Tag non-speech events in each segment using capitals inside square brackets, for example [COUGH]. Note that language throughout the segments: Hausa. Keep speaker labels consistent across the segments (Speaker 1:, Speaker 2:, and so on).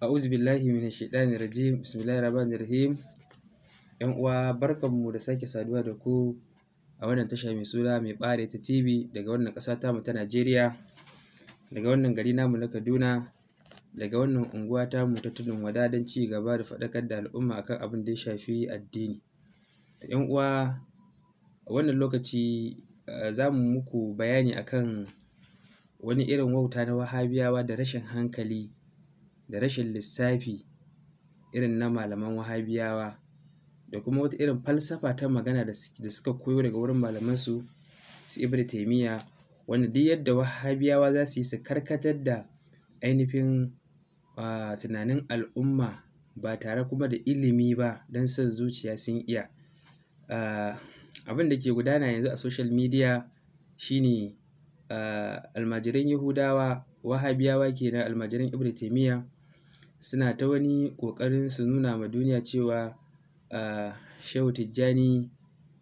Speaker 1: A'udhu billahi minash shaitani rajim. Bismillahir rahmanir rahim. Yan uwa barkanmu da sake saduwa da ku a wannan tasha mai suna mai bare ta TV daga wannan kasa ta mu ta Najeriya. Daga wannan gari namu na Kaduna. Daga wannan unguwa ta mu ta Tudun Wada don ci gaba da faɗakar da al'umma akan abin da ya shafi addini. Yan uwa a wannan lokaci za mu muku bayani akan wani irin wauta na Wahabiyawa da rashin hankali da rashin lissafi irin na malaman wahabiyawa da kuma wata irin falsafa ta magana da suka koyo daga wurin malamansu su ibn taimiyya wanda duk yadda wahabiyawa za su yi su karkatar da ainihin tunanin al'umma ba tare kuma da ilimi ba don son zuciya sun iya abin da ke gudana yanzu a social media shine almajiran yahudawa wahabiyawa kenan almajiran ibn taimiyya suna ta wani ƙoƙarin su nuna ma duniya cewa Shehu Tijjani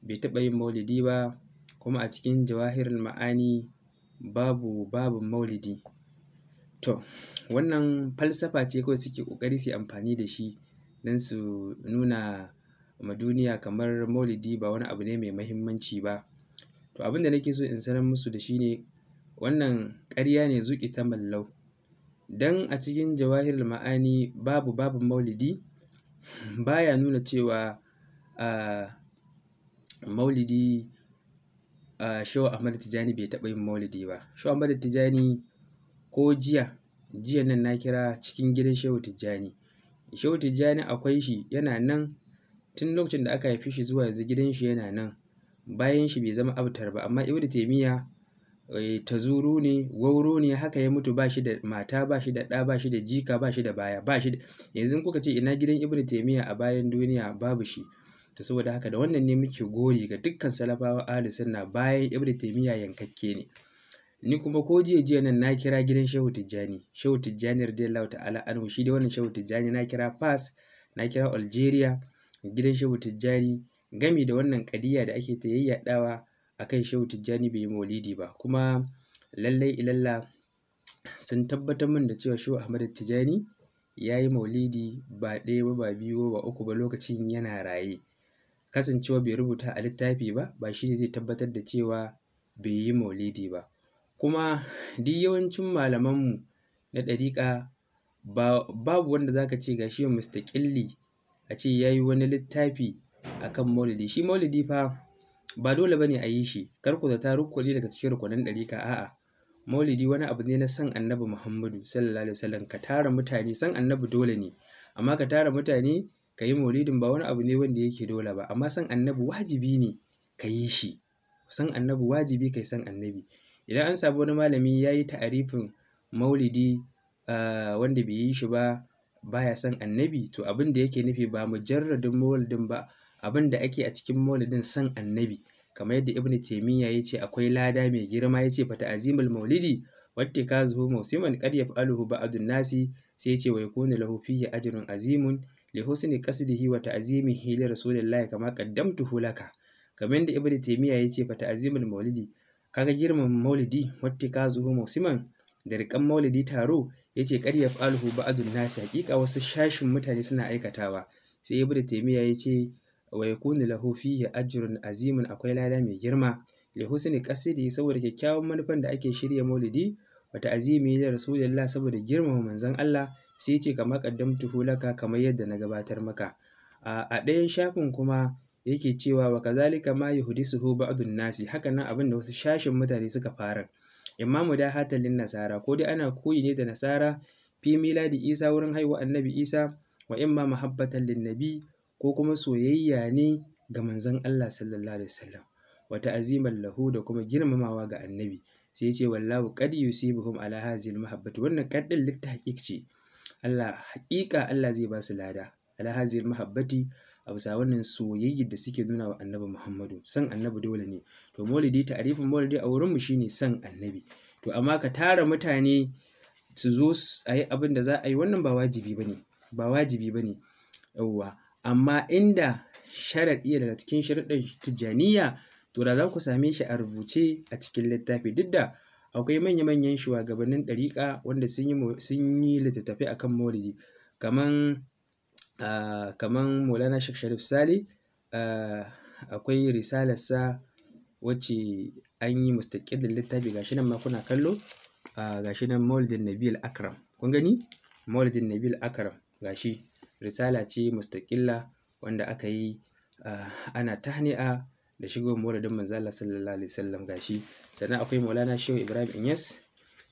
Speaker 1: bai taɓa yin maulidi ba kuma a cikin jawahirul ma'ani babu babu maulidi to wannan falsafa ce kawai suke ƙoƙari su amfani da shi don su nuna ma duniya kamar maulidi ba wani abu ne mai mahimmanci ba to abin da nake so in sanar musu da shi ne wannan ƙarya ne zuƙi ta mallau Dan a cikin jawahir Ma'ani babu babu maulidi [LAUGHS] baya nuna cewa maulidi uh, Ahmad Tijani bai taɓa yin maulidi ba. Shehu Ahmad Tijani ko jiya jiya nan na kira cikin gidan Shehu Tijani. Shehu Tijani akwai shi yana nan tun lokacin da aka haife shi zuwa yanzu gidan shi yana nan. Bayan shi bai zama abtar ba amma Ibn taymiya Eh, ta zuru ne wauro ne haka ya mutu ba shi da mata ba shi da ɗa ba shi da jika ba shi da baya ba shi da yanzu kuka ce ina gidan ibnu taymiya a bayan duniya babu shi to saboda haka da wannan ne muke gori ga dukkan salafawa ahli sunna bayan ibnu taymiya yankakke ne ni kuma ko jiya jiya nan na kira gidan shehu tijjani shehu tijjani radiyallahu ta'ala anhu shi da wannan shehu tijjani na kira pass na kira algeria gidan shehu tijjani gami da wannan kadiya da ake ta dawa. akan Shehu Tijjani bai yi maulidi ba kuma lallai ilalla sun tabbatar min da cewa Shehu Ahmad Tijjani ya yi maulidi ba ɗaya ba ba biyu ba uku ba lokacin yana raye kasancewa bai rubuta a littafi ba ba shi ne zai tabbatar da cewa bai yi maulidi ba kuma duk yawancin malamanmu na ɗariƙa ba babu wanda zaka ce ga shi killi a ce ya yi wani littafi akan maulidi shi maulidi fa ba dole bane a yi shi kar ku zata rukuni daga cikin rukunin ɗarika a'a maulidi wani abu ne na san annabi muhammadu sallallahu alaihi wasallam ka tara mutane san annabi dole ne amma ka tara mutane ka yi maulidin ba wani abu ne wanda yake dole ba amma san annabi wajibi ne ka yi shi san annabi wajibi kai san annabi idan an sabu wani malami ya yi ta'arifin maulidi ah, wanda bai yi shi ba baya san annabi to abin da yake nufi ba mujarradin maulidin ba abin da ake a cikin maulidin san annabi kamar yadda ibn taimiyya ya ce akwai lada mai girma ya ce fata azimul maulidi wata ka zuhu musiman karya aluhu ba'adun nasi sai ce wai kuna lahu fiye ajrun azimun li husni qasdihi wa ta'zimihi li rasulillahi kama qaddamtuhu laka kamar yadda ibn taimiyya ya ce fata azimul maulidi kaga girman maulidi wata ka zuhu musiman da rikan maulidi taro ya ce karya aluhu ba'adun nasi hakika wasu shashin mutane suna aikatawa sai ibn taimiyya ya ce wa yakunu lahu fihi ajrun azimun akwai lada mai girma li husni qasidi saboda kyakkyawan manufan da ake shirya maulidi wata azimi da rasulullah saboda girmama manzon Allah sai ce kama qaddamtuhu laka kamar yadda na gabatar maka a ɗayan shafin kuma yake cewa wa kazalika ma ba ba'dun nasi haka nan abin da wasu shashin mutane suka fara imamu da hatalin nasara ko dai ana koyi ne da nasara fi miladi isa wurin haihuwa annabi isa wa imma mahabbatan lin nabi ko kuma soyayya ne ga manzon Allah sallallahu alaihi wasallam wa azimar lahu da kuma girmamawa ga annabi sai ya ce wallahu qad yusibuhum ala hadhihi mahabbati. wannan qad litta ce Allah haƙiƙa Allah zai ba su lada ala hadhihi mahabbati a bisa wannan soyayya da suke nuna wa annabi Muhammadu san annabi dole ne to maulidi ta'rifin maulidi a wurin mu shine san annabi to amma ka tara mutane su zo a yi abin da za a yi wannan ba wajibi bane ba wajibi bane yawwa amma inda sharaɗi daga cikin sharuɗin tijjaniya to da za ku same shi a rubuce a cikin littafi duk da akwai manya-manyan shugabannin ɗariƙa wanda sun yi littattafai akan maulidi kaman kaman maulana shek sharif sale akwai risalarsa wacce an yi mustaƙilin littafi shi nan ma kuna kallo shi nan maulidin nabil akram kun gani maulidin nabil akram gashi risala ce mustaƙilla wanda aka yi ah, ana tahni'a da shigo mauladin manzala sallallahu alaihi wasallam gashi sannan akwai maulana shehu ibrahim inyas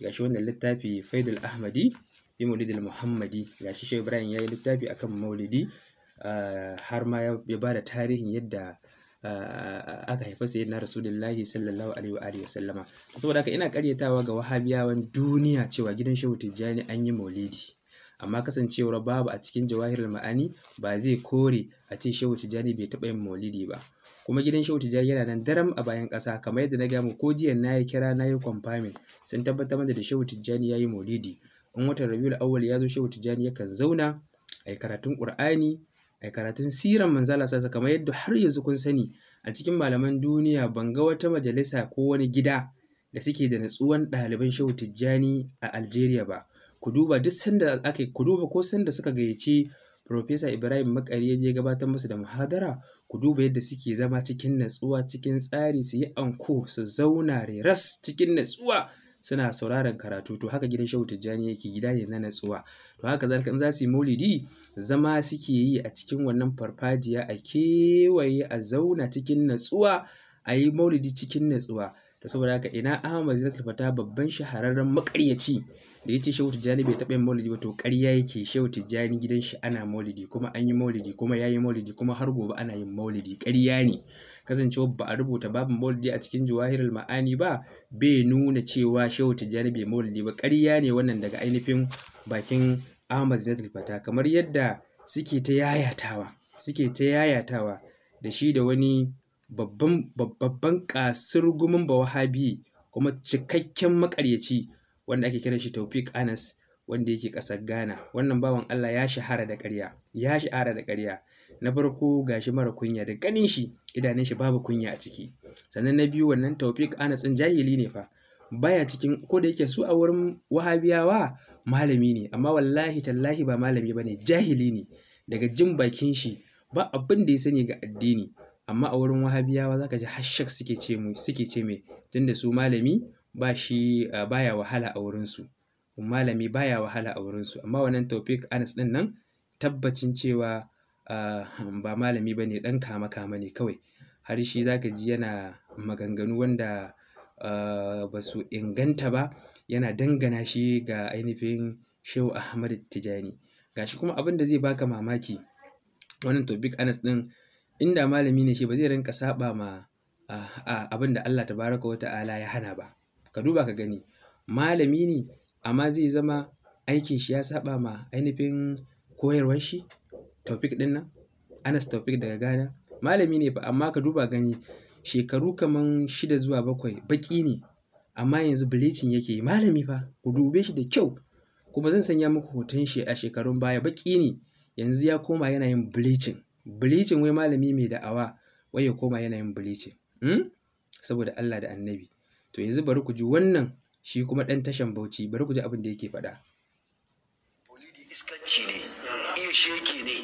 Speaker 1: gashi wannan littafi faidul ahmadi bi maulidil muhammadi gashi shehu ibrahim ya yi littafi akan maulidi ah, har ma ya ba da tarihin yadda ah, aka haifa sai na rasulullahi sallallahu alaihi wa alihi sallama saboda haka ina karyatawa ga wahabiyawan duniya cewa gidan shehu tijjani an yi maulidi amma kasancewar babu a cikin jawahirul ma'ani ba zai kore a ce shehu tijjani bai taɓa yin maulidi ba kuma gidan shehu tijjani yana nan daram a bayan ƙasa kamar yadda na gamu ko jiya na ya kira na yi kwamfamin sun tabbatar mana da shehu tijjani ya yi maulidi in watan rabiul awwal ya zo shehu tijjani yakan zauna a yi karatun ƙur'ani a yi karatun siran manzala sasa kamar yadda har yanzu kun sani a cikin malaman duniya ban ga wata majalisa ko wani gida da suke da natsuwan ɗaliban shehu tijjani a algeria ba ku duba duk sanda ake ku duba ko sanda suka gayyaci Profesa Ibrahim Makari ya je gabatar musu da muhadara ku duba yadda suke zama cikin natsuwa cikin tsari su yi anko su zauna reras cikin natsuwa suna sauraron karatu to haka gidan Shehu Tijjani yake gida ne na natsuwa to haka zalika in za su yi maulidi zama suke yi a cikin wannan farfajiya a kewaye a zauna cikin natsuwa a yi maulidi cikin natsuwa saboda haka ina Ahmad Zinatul tafata babban shahararren makaryaci da yace Shehu Tijani bai taɓa yin maulidi ba to ƙarya yake Shehu Tijani gidan shi ana maulidi kuma an yi maulidi kuma yayi maulidi kuma har gobe ana yin maulidi ƙarya ne kasancewa ba a rubuta babin maulidi a cikin jawahirul ma'ani ba bai nuna cewa Shehu Tijani bai maulidi ba ƙarya ne wannan daga ainihin bakin Ahmad Zinatul tafata kamar yadda suke ta yayatawa suke ta yayatawa da shi da wani babban gumin ba bawahabi kuma cikakken makaryaci wanda ake kiran shi Taufik Anas wanda yake ƙasar Ghana wannan bawan Allah ya shahara da ƙarya ya shahara da ƙarya na farko gashi mara kunya da ganin shi idanun shi babu kunya a ciki sannan na biyu wannan Taufik Anas ɗin jahili ne fa baya cikin ko da yake su a wurin wahabiyawa malami ne amma wallahi tallahi ba malami bane jahili ne daga jin bakin shi ba abin da ya sani ga addini amma a wurin wahabiyawa za ka ji har suke ce mu suke ce mai tunda su malami ba shi ah, baya wahala a su malami baya wahala a wurinsu amma wannan topic anas ɗin nan tabbacin cewa ah, ba malami ba ne ɗan kama kama ne kawai har shi za ka ji yana maganganu wanda ah, ba su inganta ba yana dangana shi ga ainihin shehu ahmad tijani gashi kuma abin da zai baka mamaki wannan topic anas ɗin inda malami ne shi ba zai rinka saba ma abin da Allah tabaraka wa ta'ala ya hana ba ka duba ka gani malami ne amma zai zama aikin shi ya saba ma ainihin koyarwar shi Taufik din nan Anas Taufik daga Gana. malami ne fa amma ka duba gani shekaru kaman shida zuwa bakwai baki ne amma yanzu bleaching yake yi malami fa ku dube shi da kyau kuma zan sanya muku hoton shi a shekarun baya baki ne yanzu ya koma yana yin bleaching bleaching wai malami mai da'awa wai ya koma yanayin yin hmm? saboda Allah da annabi to yanzu bari ku ji wannan shi kuma ɗan tashan bauchi bari ku ji abin da yake faɗa.
Speaker 2: Maulidi iskanci ne, iya sheki ne,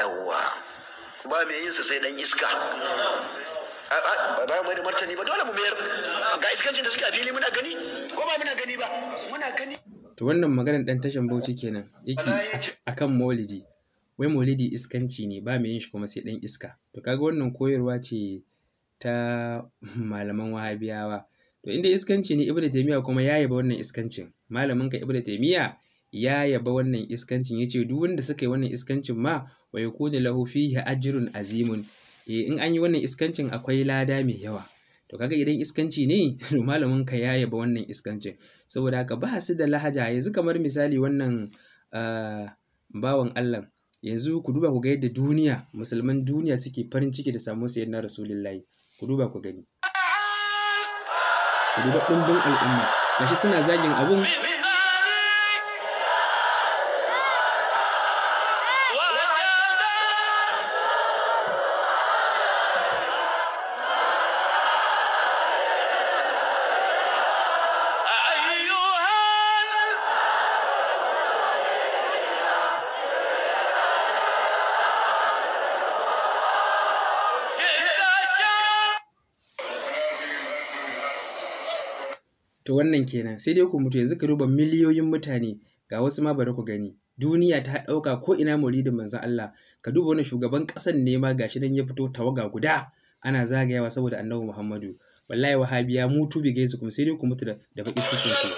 Speaker 2: yawwa ba mai yin sa sai dan iska. a Ba mai da martani ba dole mu mayar ga iskancin da suke a fili muna gani ko ba muna gani ba muna gani.
Speaker 1: To wannan maganar dan tashan bauchi kenan yake akan maulidi wai maulidi iskanci ne ba mai yin shi kuma sai ɗan iska to kaga wannan koyarwa ce ta [LAUGHS] malaman wahabiyawa to inda iskanci ne ibnu taymiya kuma ya yaba wannan iskancin malamin ka ibnu taymiya ya yaba wannan iskancin yace duk wanda suka yi wannan iskancin ma wa yakunu lahu fihi ajrun azimun eh in an yi wannan iskancin akwai lada mai yawa to kaga idan iskanci ne [LAUGHS] to malamin ka ya yaba wannan iskancin saboda haka ba su da lahaja yanzu kamar misali wannan ah, bawan Allah yanzu ku duba ku ga yadda duniya musulman duniya suke farin ciki da samun na rasulullahi ku duba ku gani ku duba ɗumbin al'umma gashi suna zagin abun to wannan kenan sai dai ku mutu yanzu ka duba miliyoyin mutane ga wasu ma bari ku gani duniya ta ɗauka ko ina muridin manzo Allah ka duba wani shugaban ƙasan ne ma gashi dan ya fito tawaga guda ana zagayawa saboda annabi Muhammadu wallahi wahabiya mutu bi gaisu kuma sai dai ku mutu da da bakin cikin ku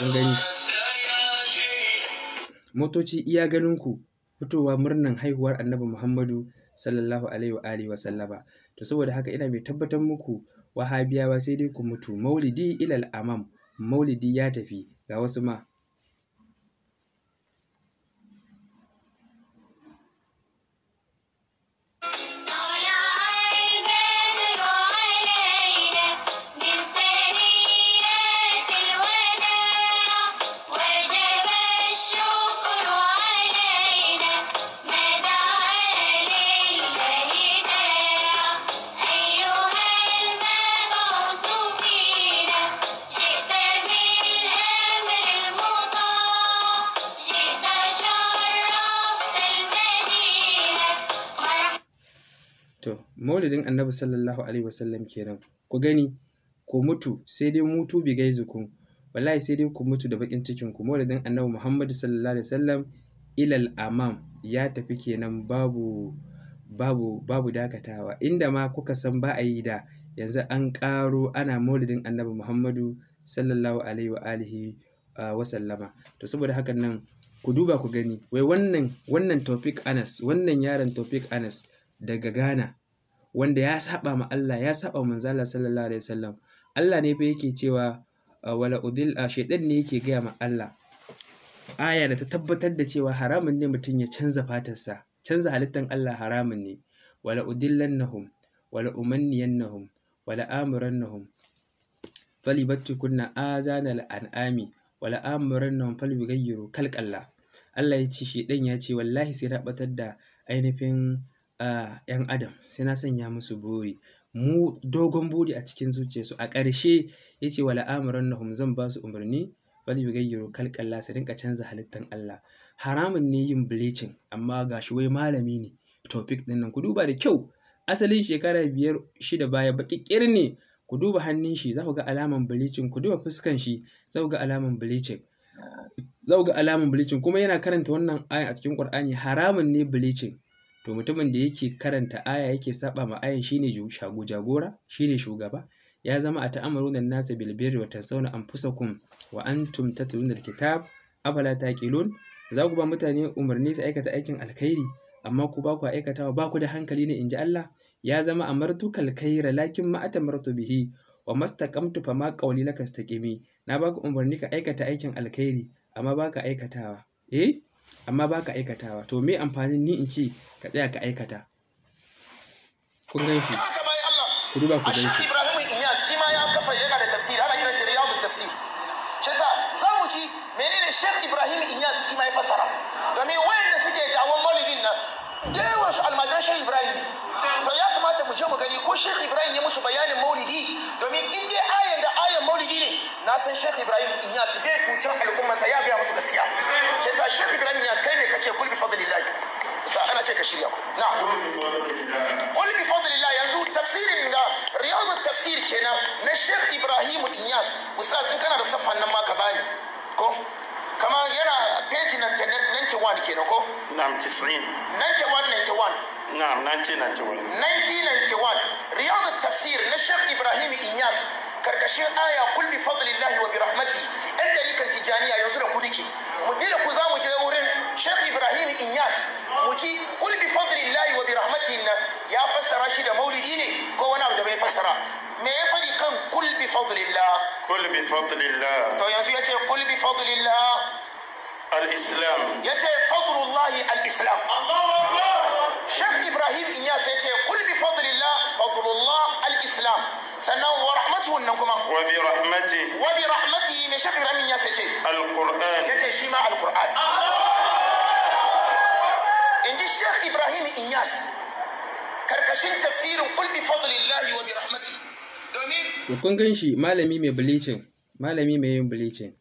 Speaker 1: kun gani motoci iya ganin ku fitowa murnan haihuwar annabi muhammadu sallallahu alaihi wa alihi wasallama to saboda haka ina mai tabbatar muku wahabiyawa sai dai ku mutu maulidi ilal amam maulidi ya tafi ga wasu ma maulidin annabi sallallahu alaihi wasallam kenan ku gani ku mutu sai dai mutu bi gaizukum wallahi sai dai ku mutu da bakin cikin ku maulidin annabi muhammad sallallahu alaihi wasallam ilal amam ya tafi kenan babu babu babu dakatawa inda ma kuka san ba a yi da yanzu an ƙaro ana maulidin annabi muhammadu sallallahu alaihi wa alihi wa to saboda hakan nan ku duba ku gani wai wannan wannan topic anas wannan yaron topic anas daga ghana wanda ya saba ma Allah ya saba manzala sallallahu alaihi wasallam Allah ne fa yake cewa ah, wala udil ah, shaytan ne yake gaya ma Allah aya da ta tabbatar da cewa haramun ne mutum ya canza sa, canza halittan Allah haramun ne wala udillannahum wala umanniyannahum wala Fali falibattu kunna azanal an'ami wala amurannahum falbigayyiru kalqalla Allah ya ce shedan ya ce wallahi sai na batar da ainihin 'yan adam sai na sanya musu buri mu dogon buri a cikin zuciyarsu a ƙarshe ya ce wala amuran nahum zan ba su umarni yi yugayyiru kalƙalla su rinka canza halittar Allah haramun ne yin bleaching amma ga shi wai malami ne topic din nan ku duba da kyau asalin shekara biyar shida baya baƙiƙir ne ku duba hannun shi za ku ga alaman bleaching ku duba fuskan shi za ku ga alaman bleaching za ku ga alaman bleaching kuma yana karanta wannan aya a cikin ƙur'ani, haramun ne bilicin. to mutumin da yake karanta aya yake saba ma ayan shine jagora shine shugaba ya zama a ta'amaruna nasa bil birri wa tansawna anfusakum wa antum tatluna alkitab afala taqilun za ku ba mutane umarni su aikata aikin alkhairi amma ku ba ku aikatawa ba ku da hankali ne inji Allah ya zama a amartu kalkaira lakin ma atamartu bihi wa mastaqamtu fama qawli lakastaqimi na ba ku umarni ka aikata aikin alkhairi amma ba ka aikatawa eh amma ba ka aikatawa to me amfanin ni in ce ka tsaya ka aikata kun gan shi ku duba ku gan shi
Speaker 2: Ibrahim Inyas shi ma ya kafa yana da tafsiri ana kiran shi riyadu tafsir shi yasa za mu menene Sheikh Ibrahim Inyas shi ma ya fasara domin wayanda suke dawon maulidin nan da yawan su almajiran Sheikh Ibrahim ne to ya kamata mu je mu gani ko Sheikh Ibrahim ya musu bayanin maulidi domin in dai ayan da ayan maulidi ne na san Sheikh Ibrahim Inyas bai cutar al'umma sa ya ga musu gaskiya shi sa Sheikh Ibrahim Inyas kai ne kace kul bi fadlillah sa ana ce ka shirya ku na kul bi fadlillah yanzu tafsirin ga riyadu tafsir kenan na Sheikh Ibrahim Inyas ustaz in kana da safan nan ma ka bani ko kama yana page na 91 kenan ko na'am 90 91 91 نعم 1991 1991 رياض التفسير للشيخ ابراهيم انياس karkashin aya kulli fadlillahi wa bi rahmati yan kan tijaniya yanzu da ku nike mu da ku za mu je wurin Sheikh Ibrahim Inyas mu ji kul bi fadlillahi wa bi rahmati na ya fassara shi da maulidi ne ko wani abu da bai fassara me ya fadi kan kul bi fadlillah kul bi to yanzu yace kul bi fadlillah al-islam ce fadlullahi al-islam Allahu akbar Sheikh Ibrahim in ya ce kul bi fadlillah fadlullah al-islam sannan wa rahmatuhu nan kuma wa bi rahmati wa bi rahmati ne Sheikh Ibrahim in ya ce al-Qur'an ya ce shi ma al-Qur'an inji Sheikh Ibrahim in Inyas karkashin tafsirin kul bi fadlillah wa bi rahmati
Speaker 1: domin kun gan shi malami mai bleaching malami mai yin bleaching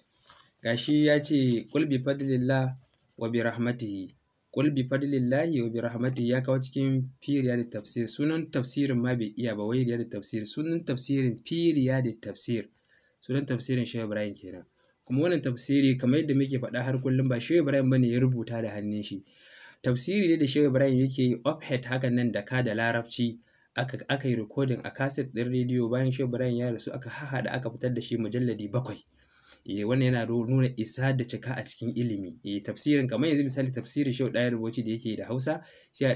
Speaker 1: gashi ya ce kul bi fadlillah wa bi rahmatihi kulbi bi fadlillahi wa bi rahmatihi ya kawo cikin firiya da tafsir sunan tafsirin ma bai iya ba wai da tafsir sunan tafsirin firiya da tafsir sunan tafsirin shehu ibrahim kenan kuma wannan tafsiri kamar yadda muke faɗa har kullum ba shehu ibrahim bane ya rubuta da hannun shi tafsiri ne da shehu ibrahim yake yi offhead hakan nan da ka da larabci aka aka yi recording a cassette ɗin rediyo bayan shehu ibrahim ya rasu aka hahada aka fitar da shi mujalladi bakwai eh wannan yana nuna isa da cika a cikin ilimi eh tafsirin kamar yanzu misali tafsirin shau ɗaya rubuci da yake da Hausa sai a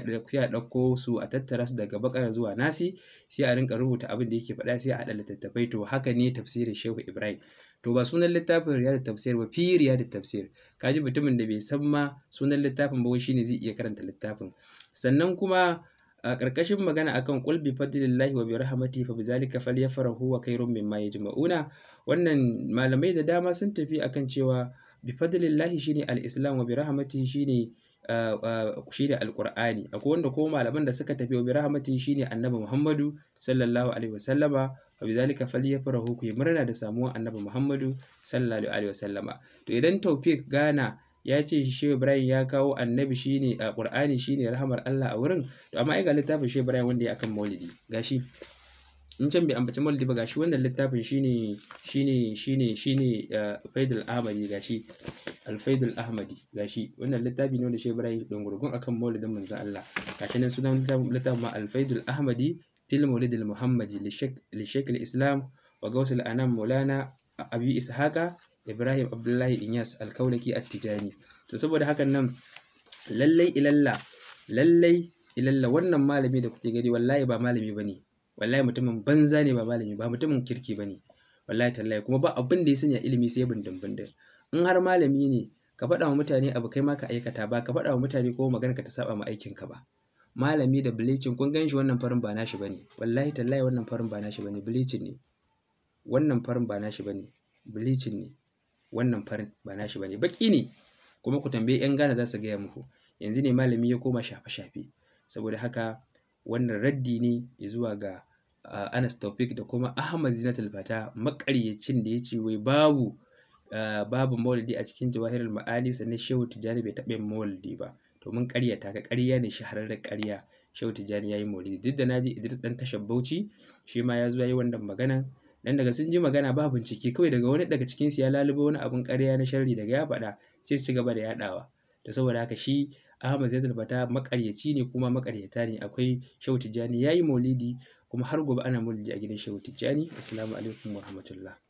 Speaker 1: ɗauko su a tattara su daga bakara zuwa nasi sai a rinka rubuta abin da yake faɗa sai a haɗa littattafai to haka ne tafsirin Shehu Ibrahim to ba sunan littafin riyadu tafsir ba fi riyadu tafsir kaji mutumin da bai san ma sunan littafin ba shine zai iya karanta littafin sannan kuma a ƙarƙashin magana akan kan bi fadlillahi wa bi rahmatihi fa bizalika falyafrahu wa khairum mimma yajma'una wannan malamai da dama sun tafi akan cewa bi fadlillahi shine al-islam wa bi shi shine shine alqur'ani akwai wanda ko malaman da suka tafi wa bi shi shine annabi muhammadu sallallahu alaihi wa sallama. wa bizalika falyafrahu ku murna da samuwar annabi muhammadu sallallahu alaihi wa sallama. to idan tawfiq gana ya ce shi Ibrahim ya kawo annabi shi ne a shi ne rahamar Allah a wurin to amma ai ga littafin shi Ibrahim wanda ya akan Maulidi gashi in can bai ambaci Maulidi ba gashi wannan littafin shi ne shi ne shi ne uh, Faidul Ahmadi gashi Al-Faidul Ahmadi gashi wannan littafi ne wanda shi Ibrahim gurgun akan Maulidin manzon Allah gashi nan sunan littafin ma Al-Faidul Ahmadi fil Maulidil Muhammadi li Sheikh Islam wa Gausul Anam Maulana Abi Ishaqa Ibrahim Abdullahi Inyas Alkaulaki Attijani to saboda hakan nan lallai ilalla lallai ilalla wannan malami da kuke gani wallahi ba malami bane wallahi mutumin banza ne ba malami ba mutumin kirki bane wallahi tallahi kuma ba abin da ya sanya ilimi sai bindin bindin in har malami ne ka faɗa wa mutane abu kai ma ka aikata ba ka faɗa wa mutane ko magana ka ta saba ma ka ba malami da bilicin kun gan shi wannan farin ba nashi bane wallahi tallahi wannan farin ba nashi bane bilicin ne wannan farin ba nashi bane bilicin ne wannan farin ba nashi bane baki ne kuma ku tambayi yan Ghana za su gaya muku yanzu ne malami ya koma shafe-shafe saboda haka wannan raddi ne zuwa ga uh, Anas Taufik da kuma Ahmad Zinatul Fata makaryacin da ya ce wai babu ah, babu maulidi a cikin jawahirul ma'ali sannan Shehu Tijjani bai taɓa yin maulidi ba to mun karyata ka karya ne shahararren karya Shehu Tijjani ya yi maulidi duk da naji Idris dan tashar Bauchi shi ma ya zo yi wannan maganan dan daga sun ji magana ba bincike kawai daga wani daga cikin su ya lalubo wani abun ƙarya na sharri daga ya faɗa sai su ci gaba da yaɗawa da saboda haka shi Ahmad Zaid Albata makaryaci ne kuma makaryata ne akwai Shehu Tijjani yayi Maulidi kuma har gobe ana Maulidi a gidan Shehu Tijjani assalamu alaikum rahmatullah